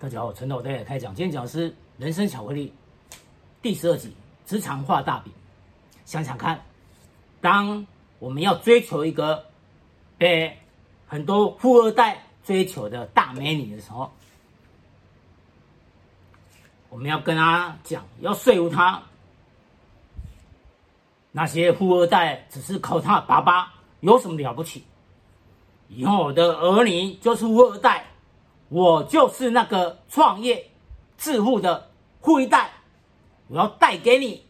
大家好，陳導帶大家開講。今天講的是《人生巧克力》第十二集：職場畫大餅。想想看，當我們要追求一個被很多富二代追求的大美女的時候，我們要跟她講，要說服她，那些富二代只是靠他爸爸有什麼了不起？以後我的兒女就是富二代。我就是那個創業致富的富一代，我要帶給你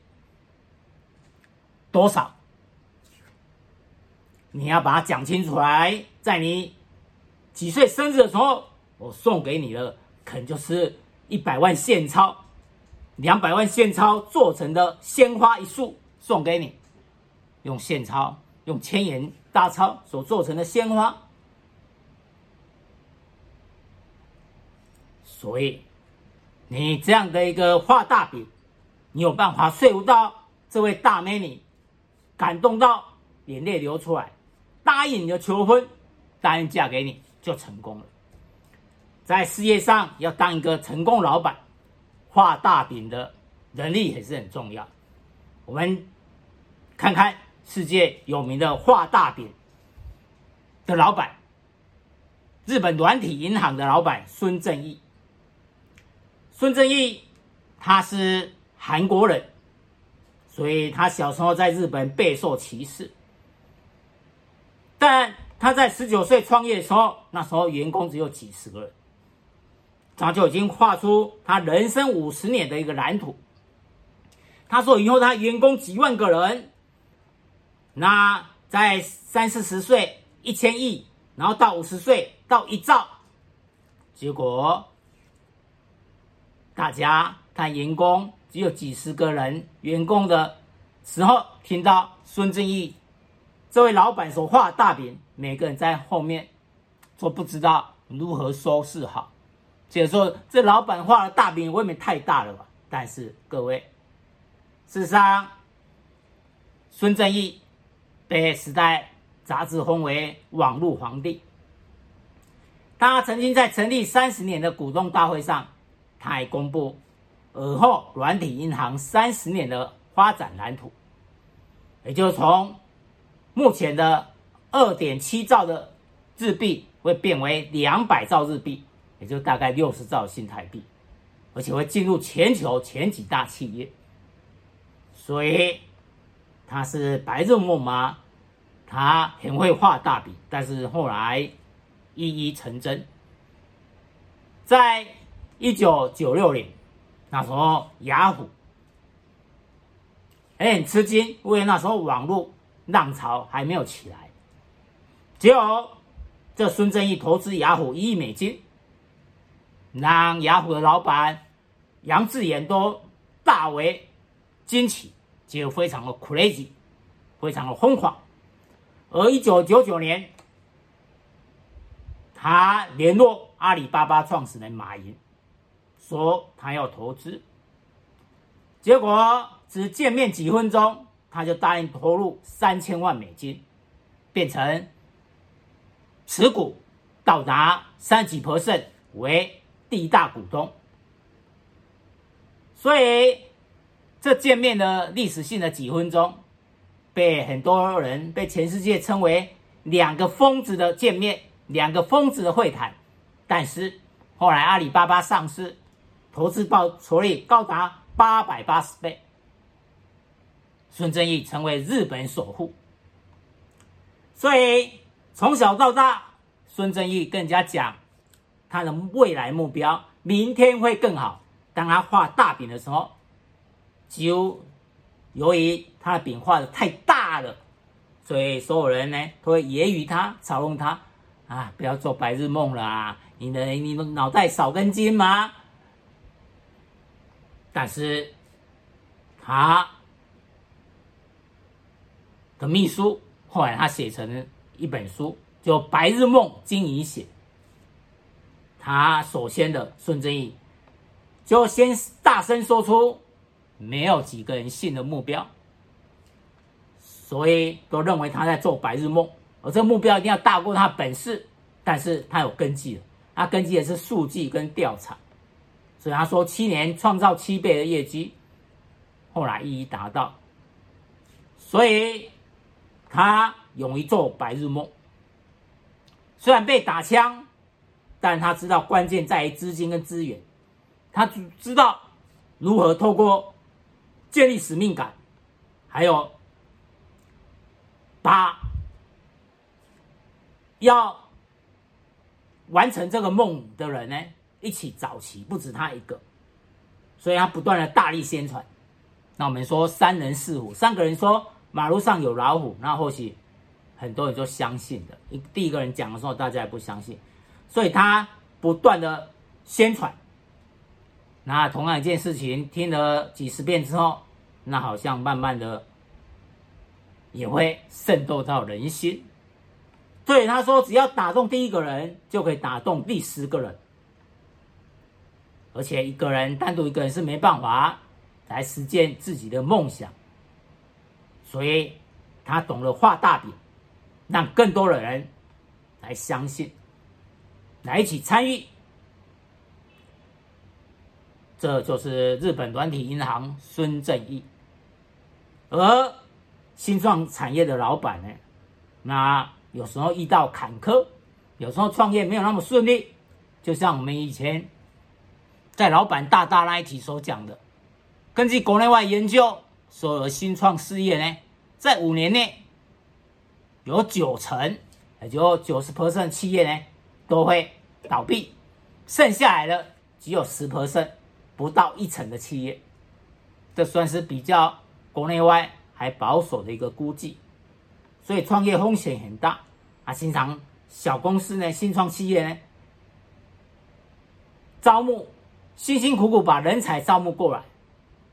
多少？你要把它講清楚來。在你幾歲生日的時候，我送給你的，可能就是一百萬現鈔、兩百萬現鈔做成的鮮花一束送給你，用現鈔、用千元大鈔所做成的鮮花。所以，你這樣的一個畫大餅，你有辦法說服到這位大美女感動到眼淚流出來，答應你的求婚，答應嫁給你，就成功了。在事業上要當一個成功老闆，畫大餅的能力也是很重要。我們看看世界有名的畫大餅的老闆，日本軟體銀行的老闆孫正義。孫正義，他是韓國人，所以他小時候在日本備受歧視。但他在十九歲創業的時候，那時候員工只有幾十個人，早就已經畫出他人生五十年的一個藍圖。他說：“以後他員工幾萬個人，那在三四十歲一千億，然後到五十歲到一兆。”結果。大家，看員工只有幾十個人，員工的時候聽到孫正義這位老板所畫的大餅，每個人在後面都不知道如何收拾好，就是說這老板畫的大餅未免太大了吧？但是各位，事實上，孫正義被時代雜誌封為網絡皇帝。他曾經在成立三十年的股東大會上。他還公布爾後軟體銀行三十年的發展藍圖，也就是從目前的二點七兆的日幣會變為兩百兆日幣，也就是大概六十兆的新台幣，而且會進入全球前幾大企業。所以他是白日夢嗎？他很會畫大餅，但是後來一一成真，在。一九九六年，那時候雅虎很吃驚，因為那時候網絡浪潮還沒有起來。結果這孫正義投資雅虎一億美金，讓雅虎的老闆楊致遠都大為驚奇，就非常的 crazy，非常的瘋狂。而一九九九年，他聯絡阿里巴巴創始人馬雲。說他要投資，結果只見面幾分鐘，他就答應投入三千萬美金，變成持股到達三幾趴，為第一大股東。所以這見面的歷史性的幾分鐘，被很多人被全世界稱為兩個瘋子的見面，兩個瘋子的會談。但是後來阿里巴巴上市。投資報酬率高達八百八十倍，孫正義成為日本首富。所以從小到大，孫正義跟人家講他的未來目標，明天會更好。當他畫大餅的時候，就由於他的餅畫得太大了，所以所有人呢都會揶揄他、嘲弄他啊！不要做白日夢了啊！你的你的腦袋少根筋嗎？但是，他的秘書後來他寫成一本書，叫《白日夢經營寫》。他首先的孫正義，就先大聲說出沒有幾個人信的目標，所以都認為他在做白日夢。而這個目標一定要大過他本事，但是他有根據的，他根據的是數據跟調查。所以他說七年創造七倍的業績，後來一一達到。所以，他勇於做白日夢。雖然被打槍，但他知道關鍵在於資金跟資源。他只知道如何透過建立使命感，還有，把要完成這個夢的人呢，一起找齊，不止他一個，所以他不斷的，大力宣傳。那我們說三人四虎，三個人說馬路上有老虎，那或許很多人就相信的。一第一個人講的時候，大家也不相信，所以他不斷的宣傳。那同樣一件事情聽了幾十遍之後，那好像慢慢的也會滲透到人心。對，他說只要打動第一個人，就可以打動第十個人。而且一個人單獨一個人是沒辦法來實現自己的夢想，所以他懂得畫大餅，讓更多的人來相信，來一起參與。這就是日本軟體銀行孫正義，而新創產業的老闆呢，那有時候遇到坎坷，有時候創業沒有那麼順利，就像我們以前。在老闆大大那一集所講的，根據國內外研究，所有新創事業呢，在五年內有九成，也就九十 percent 企業呢，都會倒閉，剩下來的只有十 percent，不到一成的企業，這算是比較國內外還保守的一個估計。所以創業風險很大啊！經常小公司呢，新創企業呢，招募。辛辛苦苦把人才招募過來，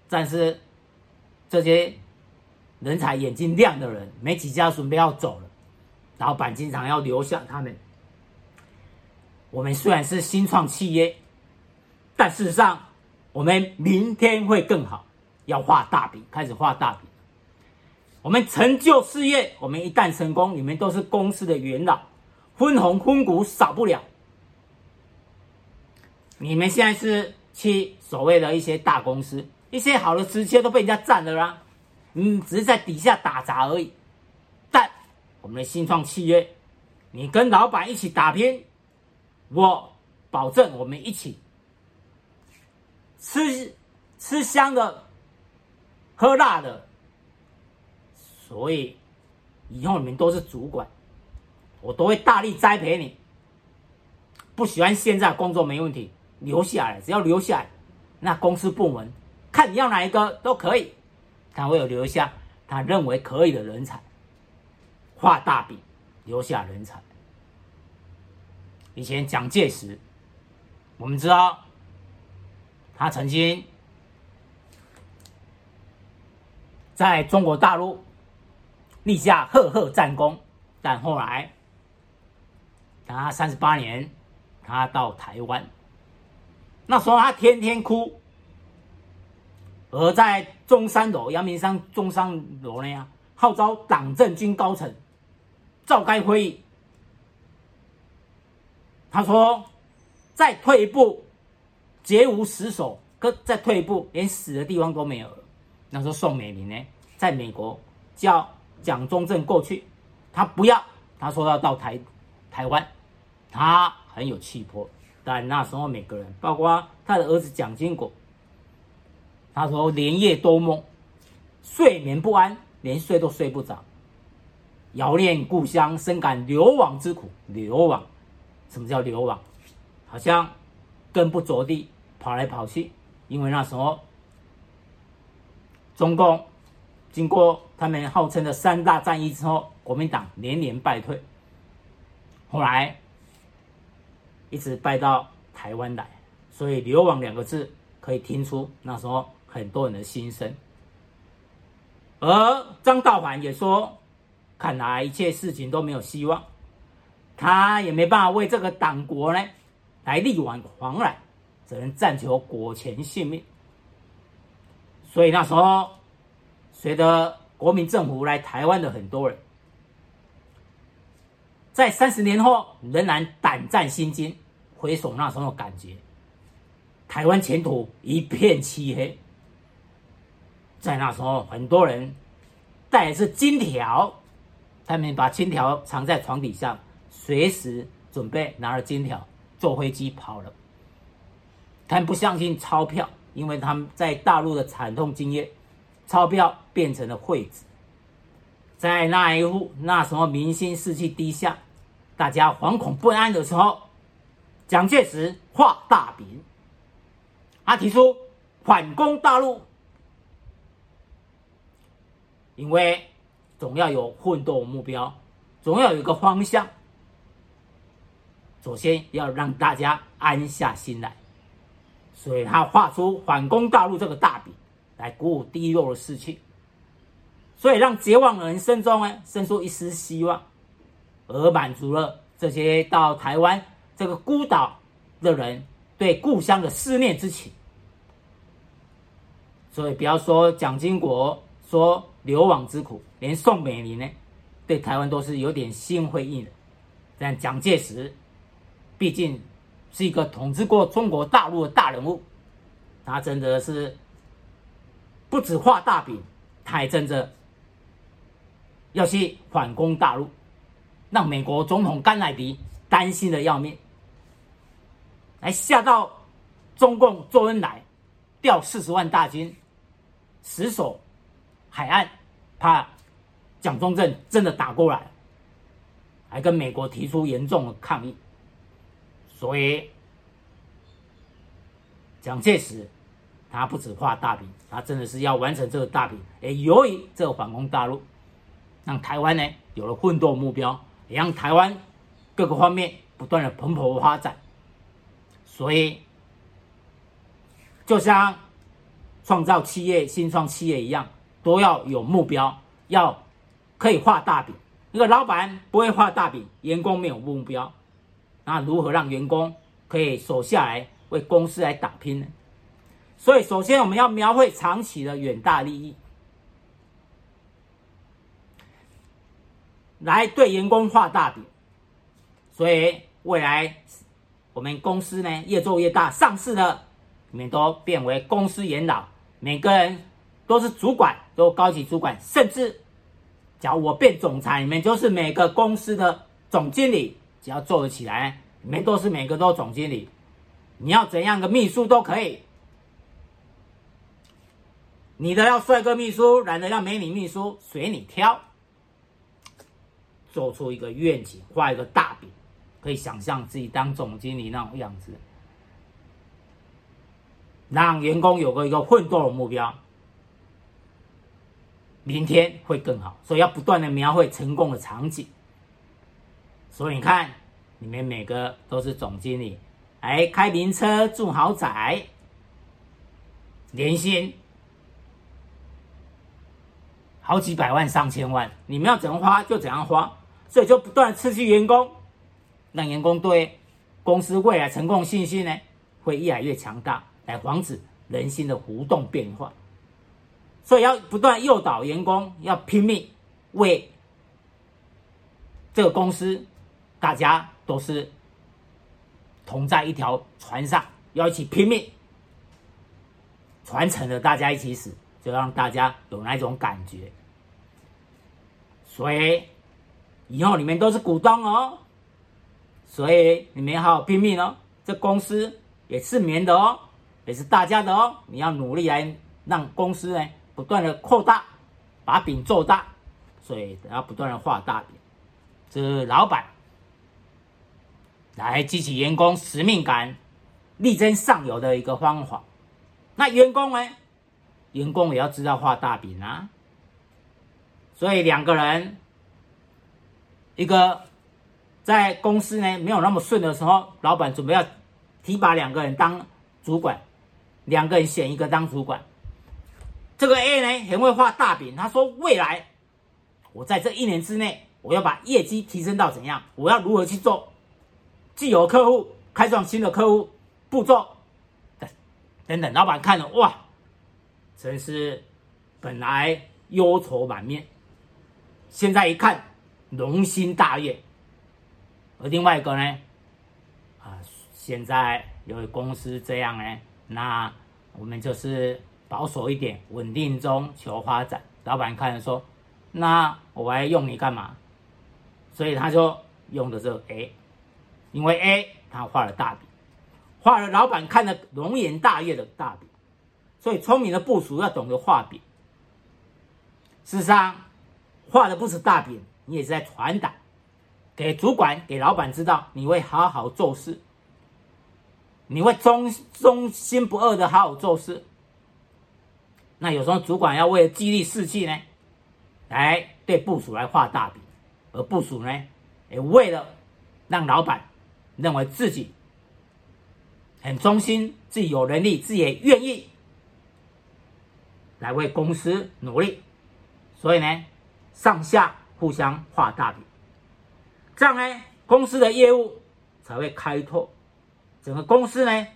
但是這些人才眼睛亮的人沒幾家準備要走了，老闆經常要留下他們。我們雖然是新創企業，但事實上我們明天會更好，要畫大餅，開始畫大餅。我們成就事業，我們一旦成功，你們都是公司的元老，分紅、分股少不了。你們現在是。切所謂的一些大公司，一些好的職業都被人家占了啦，你、嗯、只是在底下打雜而已。但我們的新創契約，你跟老板一起打拼，我保證我們一起吃吃香的，喝辣的。所以以後你們都是主管，我都會大力栽培你。不喜歡現在工作沒問題。留下來，只要留下來，那公司部門看你要哪一個都可以，他會有留下他認為可以的人才，畫大餅留下人才。以前蔣介石，我們知道，他曾經在中國大陸立下赫赫戰功，但後來，等他三十八年，他到台灣。那時候他天天哭，而在中山樓、陽明山、中山樓那樣號召黨政軍高層召開會議。他說：“再退一步，絕無死守；可再退一步，連死的地方都沒有。”那時候宋美齡呢，在美國叫蔣中正過去，他不要，他說要到台台灣，他很有氣魄。但那時候，每個人，包括他的兒子蔣經國，他說連夜多夢，睡眠不安，連睡都睡不着。遙念故鄉，深感流亡之苦。流亡，什麼叫流亡？好像，跟不着地，跑來跑去。因為那時候，中共經過他們號稱的三大戰役之後，國民黨連連敗退，後來。一直拜到台灣來，所以流亡兩個字可以聽出那時候很多人的心聲。而張道藩也說，看來一切事情都沒有希望，他也沒辦法為這個黨國呢來力挽狂瀾，只能暫求苟全性命。所以那時候，隨着國民政府來台灣的很多人。在三十年後，仍然膽戰心驚，回首那時候的感覺，台灣前途一片漆黑。在那時候，很多人帶的是金條，他們把金條藏在床底下，隨時準備拿着金條坐飛機跑了。他們不相信鈔票，因為他們在大陸的慘痛經驗，鈔票變成了廢紙。在那一戶，那時候民心士氣低下。大家惶恐不安的時候，蔣介石畫大餅。他提出反攻大陸，因為總要有奮鬥目標，總要有一個方向。首先要讓大家安下心來，所以他畫出反攻大陸這個大餅，來鼓舞低落的士氣，所以讓絕望的人生中呢，生出一絲希望。而滿足了這些到台灣這個孤島的人對故鄉的思念之情，所以不要說蔣經國說流亡之苦，連宋美齡呢，對台灣都是有點心灰意冷。但蔣介石畢竟是一個統治過中國大陸的大人物，他真的是不止畫大餅，他還真的要去反攻大陸。讓美國總統甘乃迪擔心的要命，來嚇到中共周恩來調四十萬大軍死守海岸，怕蔣中正真的打過來，還跟美國提出嚴重的抗議。所以蔣介石他不止畫大餅，他真的是要完成這個大餅。也由於這個反攻大陸，讓台灣呢有了奮鬥目標。也讓台灣各個方面不斷的蓬勃發展。所以，就像創造企業、新創企業一樣，都要有目標，要可以畫大餅。一個老闆不會畫大餅，員工沒有目標，那如何讓員工可以守下來為公司來打拼呢？所以，首先我們要描繪長期的遠大利益。來對員工畫大餅，所以未來我們公司呢，越做越大，上市了，你們都變為公司元老，每個人都是主管，都高級主管，甚至只要我變總裁，你們就是每個公司的總經理。只要做得起來，你們都是每個都總經理。你要怎樣的秘書都可以，女的要帥哥秘書，男的要美女秘書，隨你挑。做出一個願景，畫一個大餅，可以想象自己當總經理那種樣子，讓員工有個一個奮鬥的目標，明天會更好。所以要不斷的描繪成功的場景。所以你看，你們每個都是總經理，哎，開名車，住豪宅，年薪好幾百萬、上千萬，你們要怎樣花就怎樣花。所以就不斷刺激員工，讓員工對公司未來成功信心呢，會越來越強大，來防止人心的浮動變化。所以要不斷誘導員工要拼命為這個公司，大家都是同在一條船上，要一起拼命傳承的，大家一起死，就讓大家有那種感覺。所以。以後你們都是股東哦，所以你們要好好拼命哦。這公司也是棉的哦，也是大家的哦。你要努力來讓公司呢不斷的擴大，把餅做大。所以要不斷的畫大餅，這是老板來激起員工使命感、力爭上游的一個方法。那員工呢，員工也要知道畫大餅啊。所以兩個人。一個在公司呢沒有那麼順的時候，老闆準備要提拔兩個人當主管，兩個人選一個當主管。這個 A 呢很會畫大餅，他說未來我在這一年之內我要把業績提升到怎樣，我要如何去做，既有客戶開創新的客戶步驟等等。老闆看了哇，真是本來憂愁滿面，現在一看。龍心大悅，而另外一個呢，啊，現在由於公司這樣呢，那我們就是保守一點，穩定中求發展。老闆看了說：“那我還用你幹嘛？”所以他說用的是 A，因為 A 他畫了大餅，畫了老闆看了龍顏大悅的大餅，所以聰明的部屬要懂得畫餅。事實上，畫的不是大餅。你也是在傳達給主管，給老闆知道，你會好好做事，你會忠忠心不二的好好做事。那有時候主管要為了激勵士氣呢，來對部屬來畫大餅，而部屬呢，也為了讓老闆認為自己很忠心，自己有能力，自己也願意來為公司努力，所以呢，上下。互相畫大餅，這樣呢，公司的業務才會開拓，整個公司呢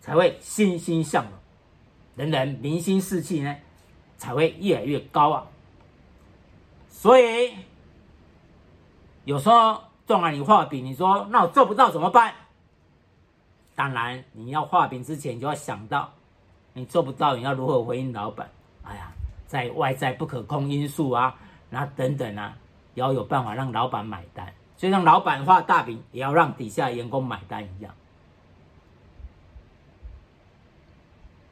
才會欣欣向榮，人人民心士氣呢才會越來越高啊。所以有時候縱然你畫餅，你說那我做不到怎麼辦？當然，你要畫餅之前你就要想到，你做不到，你要如何回應老板？哎呀，在外在不可控因素啊，那等等啊。也要有辦法讓老闆買單，就像老闆畫大餅，也要讓底下員工買單一樣。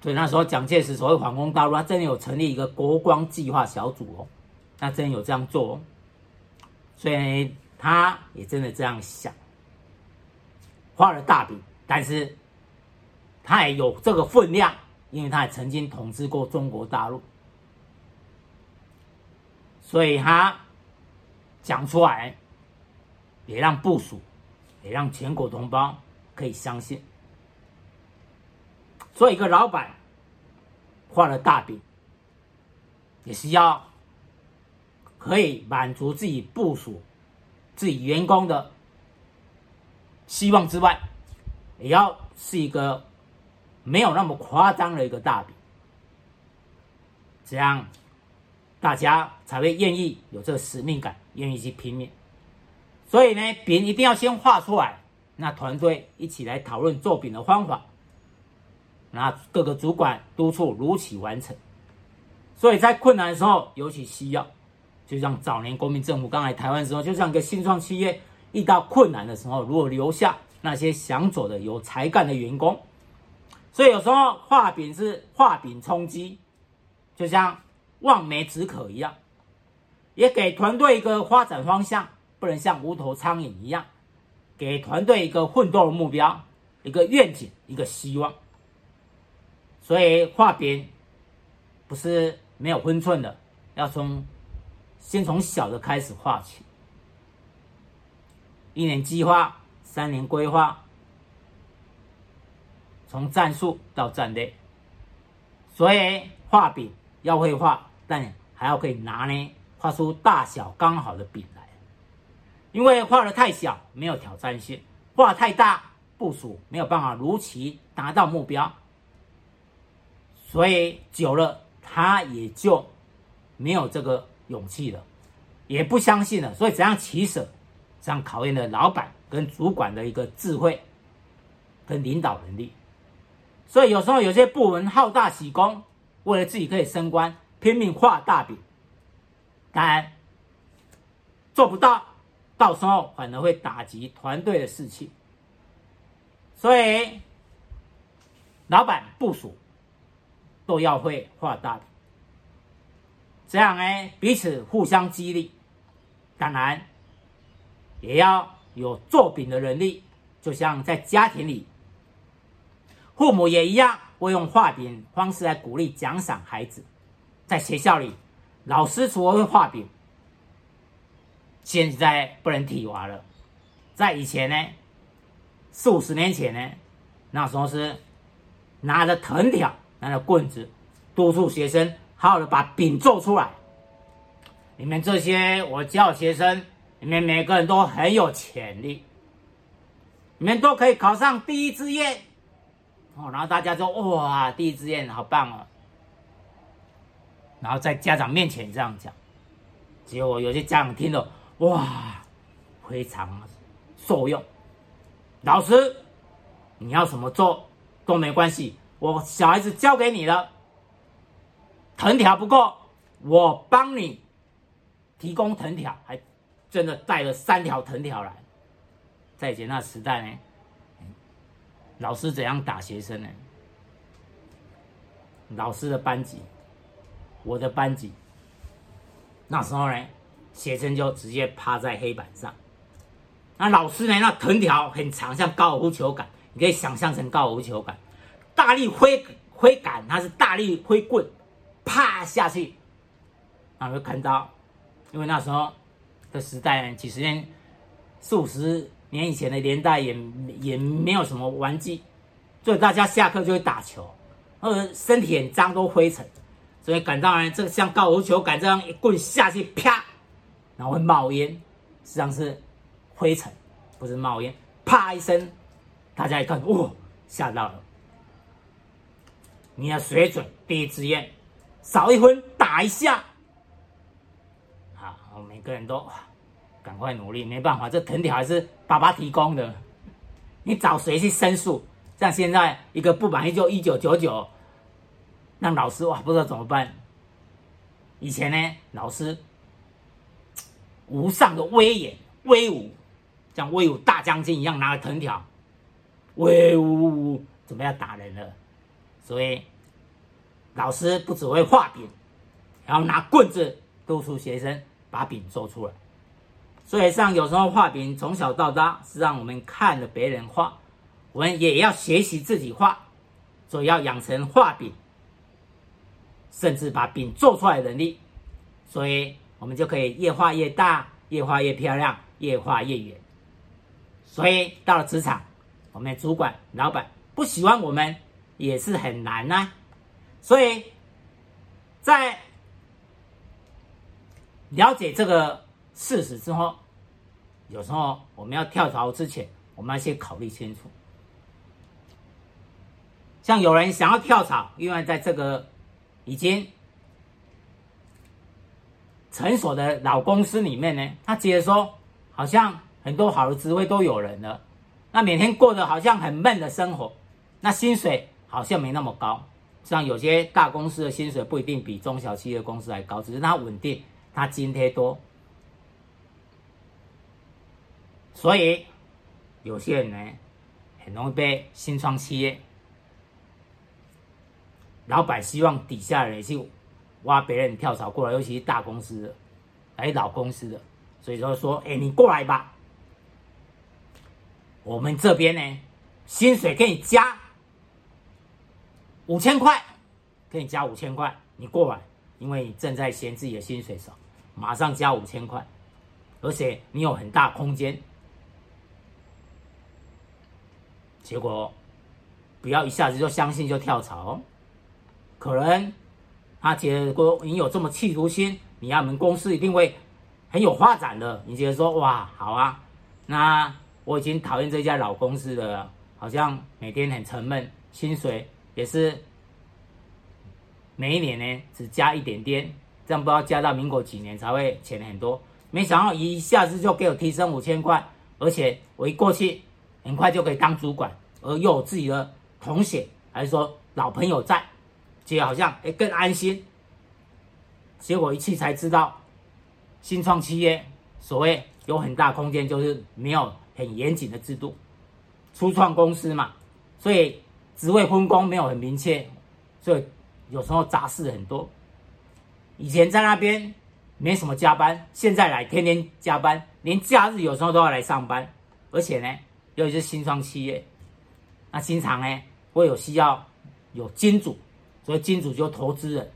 所以那時候，蔣介石所謂“反攻大陸”，他真的有成立一個國光計劃小組哦，他真的有這樣做哦，所以他也真的這樣想，畫了大餅，但是他也有這個分量，因為他也曾經統治過中國大陸，所以他。講出來，也讓部屬，也讓全國同胞可以相信。做一個老闆，畫了大餅，也是要可以滿足自己部屬、自己員工的希望之外，也要是一個沒有那麼誇張的一個大餅，這樣。大家才會願意有這個使命感，願意去拼命。所以呢，餅一定要先畫出來，那團隊一起來討論做餅的方法，那各個主管督促如期完成。所以在困難的時候尤其需要，就像早年國民政府剛來台灣的時候，就像一個新創企業遇到困難的時候，如何留下那些想走的有才幹的員工，所以有時候畫餅是畫餅充飢，就像。望梅止渴一樣，也給團隊一個發展方向，不能像無頭蒼蠅一樣，給團隊一個奮鬥的目標、一個願景、一個希望。所以畫餅不是沒有分寸的，要從，先從小的開始畫起，一年計劃、三年規劃，從戰術到戰略。所以畫餅要會畫。但還要可以拿捏，畫出大小剛好的餅來，因為畫的太小沒有挑戰性，畫得太大部署沒有辦法如期達到目標，所以久了他也就沒有這個勇氣了，也不相信了。所以怎樣取捨，這樣考驗了老闆跟主管的一個智慧跟領導能力。所以有時候有些部門好大喜功，為了自己可以升官。拼命畫大餅，當然做不到，到時候反而會打擊團隊的士氣。所以，老闆部屬都要會畫大餅，這樣呢彼此互相激勵。當然，也要有做餅的能力。就像在家庭裡，父母也一樣會用畫餅方式來鼓勵獎賞孩子。在學校裡，老師除了會畫餅，現在不能體罰了。在以前呢，四五十年前呢，那時候是拿着藤條、拿着棍子，督促學生好好的把餅做出來。你們這些我教學生，你們每個人都很有潛力，你們都可以考上第一志願。哦，然後大家就哇，第一志願好棒哦。然後在家長面前這樣講，結果有些家長聽到，哇，非常受用。老師，你要怎麼做都沒關係，我小孩子交給你了。藤條不夠，我幫你提供藤條，還真的帶了三條藤條來。在那時代呢，嗯，老師怎樣打學生呢？老師的班級。我的班級那時候呢，學生就直接趴在黑板上。那老師呢，那藤條很長，像高爾夫球桿，你可以想象成高爾夫球桿，大力揮揮桿，他是大力揮棍，啪下去，然後就看到。因為那時候的時代呢，幾十年，四五十年以前的年代也也沒有什麼玩具，所以大家下課就會打球，或者身體很髒，都灰塵。所以，感到來，這個像高爾夫球桿這樣一棍下去，啪，然後會冒煙，實際上是灰塵，不是冒煙，啪一聲，大家一看，哇、哦，嚇到了。你要水準，第一志願，少一分打一下。好，每個人都趕快努力，沒辦法，這藤條還是爸爸提供的。你找誰去申訴？像現在一個不滿意就一九九九。讓老師哇，不知道怎麼辦。以前呢，老師無上的威嚴、威武，像威武大將軍一樣，拿着藤條，威武，準備要打人了？所以老師不只會畫餅，然後拿棍子督促學生把餅做出來。所以像有時候畫餅，從小到大是讓我們看着別人畫，我們也要學習自己畫，所以要養成畫餅。甚至把餅做出來的能力，所以我們就可以越畫越大，越畫越漂亮，越畫越遠。所以到了職場，我們的主管、老闆不喜歡我們也是很難吶、啊。所以在了解這個事實之後，有時候我們要跳槽之前，我們要先考慮清楚。像有人想要跳槽，因為在這個。已經成熟的老公司裡面呢，他接着說，好像很多好的職位都有人了，那每天過得好像很悶的生活，那薪水好像沒那麼高，像有些大公司的薪水不一定比中小企業的公司還高，只是它穩定，它津貼多，所以有些人呢，很容易被新創企業。老闆希望底下的人去挖別人跳槽過來，尤其是大公司的，還是老公司的，所以說說，哎、欸，你過來吧，我們這邊呢，薪水可以加五千塊，可以加五千塊，你過來，因為你正在嫌自己的薪水少，馬上加五千塊，而且你有很大空間，結果不要一下子就相信就跳槽哦。可能他覺得，如果你有這麼企圖心，你要我們公司一定會很有發展的，你覺得說：“哇，好啊，那我已經討厭這家老公司了，好像每天很沉悶，薪水也是每一年呢只加一點點，這樣不知道加到民國幾年才會錢很多。沒想到一下子就給我提升五千塊，而且我一過去很快就可以當主管，而又有自己的同學，還是說老朋友在。”也好像也更安心。結果一去才知道，新創企業所謂有很大空間，就是沒有很嚴謹的制度，初創公司嘛，所以職位分工沒有很明確，所以有時候雜事很多。以前在那邊沒什麼加班，現在來天天加班，連假日有時候都要來上班，而且呢又是新創企業，那經常呢會有需要有金主。所以金主就投資人，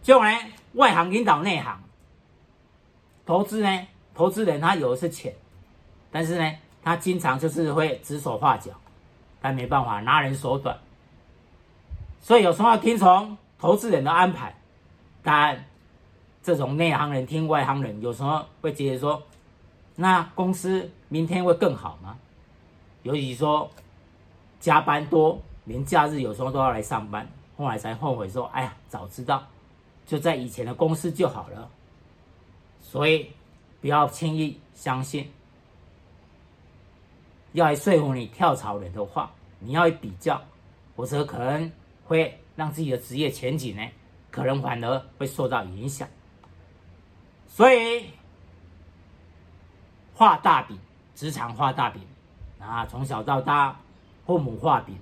就呢，外行引導內行。投資呢，投資人他有的是錢，但是呢，他經常就是會指手畫腳，但沒辦法拿人手短，所以有時候要聽從投資人的安排。但這種內行人聽外行人，有時候會覺得說：“那公司明天會更好嗎？”尤其說加班多，連假日有時候都要來上班。後來才後悔說：“哎呀，早知道就在以前的公司就好了。”所以不要輕易相信，要來說服你跳槽人的話，你要比較，否則可能會讓自己的職業前景呢，可能反而會受到影響。所以畫大餅，職場畫大餅，啊，從小到大，父母畫餅，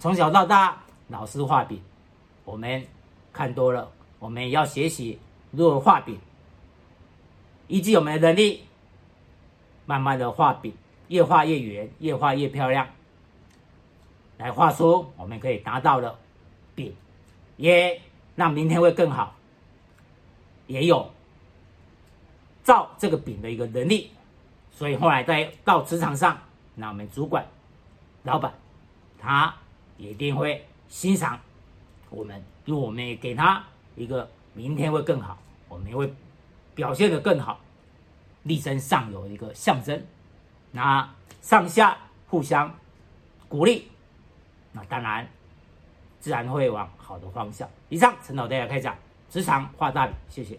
從小到大。老師畫餅，我們看多了，我們要學習如何畫餅，以及我們的能力，慢慢的畫餅，越畫越圓，越畫越漂亮。來畫出我們可以達到的餅耶，yeah, 那明天會更好，也有造這個餅的一個能力，所以後來在到職場上，那我們主管、老闆，他也一定會。欣賞，我們，因為我們也給他一個明天會更好，我們也會表現的更好，力爭上游一個象徵，那上下互相鼓勵，那當然自然會往好的方向。以上陳老為大家開講，職場畫大餅，謝謝。